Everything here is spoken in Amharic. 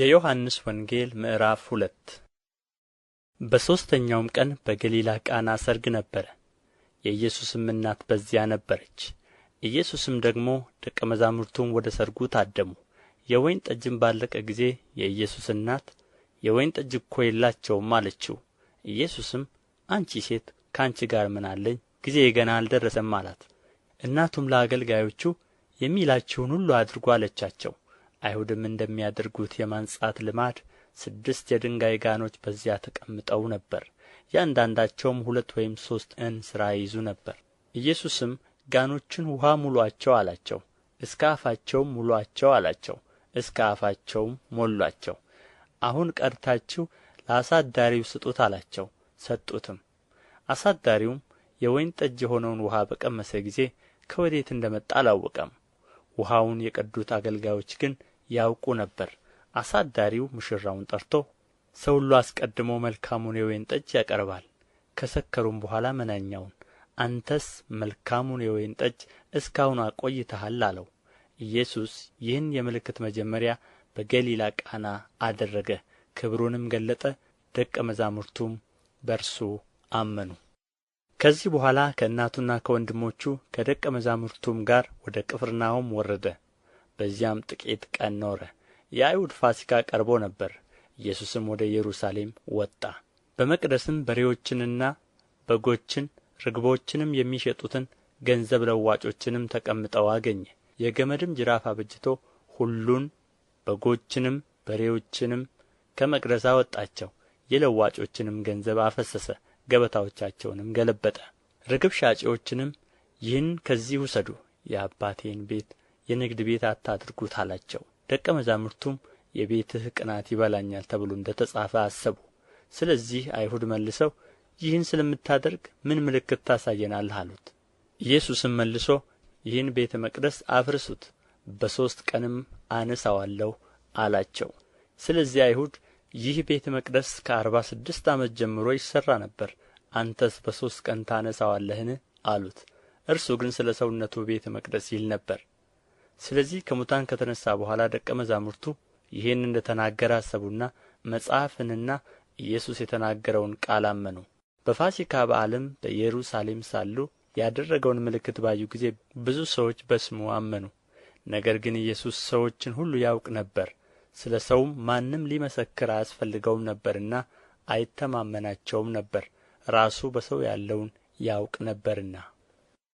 የዮሐንስ ወንጌል ምዕራፍ ሁለት በሦስተኛውም ቀን በገሊላ ቃና ሰርግ ነበረ፣ የኢየሱስም እናት በዚያ ነበረች። ኢየሱስም ደግሞ ደቀ መዛሙርቱም ወደ ሰርጉ ታደሙ። የወይን ጠጅም ባለቀ ጊዜ የኢየሱስ እናት የወይን ጠጅ እኮ የላቸውም አለችው። ኢየሱስም አንቺ ሴት ከአንቺ ጋር ምን አለኝ? ጊዜ ገና አልደረሰም አላት። እናቱም ለአገልጋዮቹ የሚላችሁን ሁሉ አድርጓለቻቸው። አለቻቸው። አይሁድም እንደሚያደርጉት የማንጻት ልማድ ስድስት የድንጋይ ጋኖች በዚያ ተቀምጠው ነበር እያንዳንዳቸውም ሁለት ወይም ሦስት እንስራ ይይዙ ነበር ኢየሱስም ጋኖቹን ውሃ ሙሏቸው አላቸው እስከ አፋቸውም ሙሏቸው አላቸው እስከ አፋቸውም ሞሏቸው አሁን ቀድታችሁ ለአሳዳሪው ስጡት አላቸው ሰጡትም አሳዳሪውም የወይን ጠጅ የሆነውን ውሃ በቀመሰ ጊዜ ከወዴት እንደ መጣ አላወቀም ውሃውን የቀዱት አገልጋዮች ግን ያውቁ ነበር አሳዳሪው ሙሽራውን ጠርቶ ሰው ሁሉ አስቀድሞ መልካሙን የወይን ጠጅ ያቀርባል ከሰከሩም በኋላ መናኛውን አንተስ መልካሙን የወይን ጠጅ እስካሁን አቆይተሃል አለው ኢየሱስ ይህን የምልክት መጀመሪያ በገሊላ ቃና አደረገ ክብሩንም ገለጠ ደቀ መዛሙርቱም በእርሱ አመኑ ከዚህ በኋላ ከእናቱና ከወንድሞቹ ከደቀ መዛሙርቱም ጋር ወደ ቅፍርናሆም ወረደ በዚያም ጥቂት ቀን ኖረ። የአይሁድ ፋሲካ ቀርቦ ነበር። ኢየሱስም ወደ ኢየሩሳሌም ወጣ። በመቅደስም በሬዎችንና በጎችን ርግቦችንም የሚሸጡትን ገንዘብ ለዋጮችንም ተቀምጠው አገኘ። የገመድም ጅራፍ አበጅቶ ሁሉን በጎችንም በሬዎችንም ከመቅደስ አወጣቸው። የለዋጮችንም ገንዘብ አፈሰሰ፣ ገበታዎቻቸውንም ገለበጠ። ርግብ ሻጪዎችንም ይህን ከዚህ ውሰዱ፣ የአባቴን ቤት የንግድ ቤት አታድርጉት አላቸው ደቀ መዛሙርቱም የቤትህ ቅናት ይበላኛል ተብሎ እንደ ተጻፈ አሰቡ ስለዚህ አይሁድ መልሰው ይህን ስለምታደርግ ምን ምልክት ታሳየናለህ አሉት ኢየሱስም መልሶ ይህን ቤተ መቅደስ አፍርሱት በሦስት ቀንም አነሳዋለሁ አላቸው ስለዚህ አይሁድ ይህ ቤተ መቅደስ ከአርባ ስድስት ዓመት ጀምሮ ይሠራ ነበር አንተስ በሦስት ቀን ታነሳዋለህን አሉት እርሱ ግን ስለ ሰውነቱ ቤተ መቅደስ ይል ነበር ስለዚህ ከሙታን ከተነሳ በኋላ ደቀ መዛሙርቱ ይህን እንደ ተናገረ አሰቡና መጽሐፍንና ኢየሱስ የተናገረውን ቃል አመኑ። በፋሲካ በዓልም በኢየሩሳሌም ሳሉ ያደረገውን ምልክት ባዩ ጊዜ ብዙ ሰዎች በስሙ አመኑ። ነገር ግን ኢየሱስ ሰዎችን ሁሉ ያውቅ ነበር፣ ስለ ሰውም ማንም ሊመሰክር አያስፈልገውም ነበርና አይተማመናቸውም ነበር፣ ራሱ በሰው ያለውን ያውቅ ነበርና።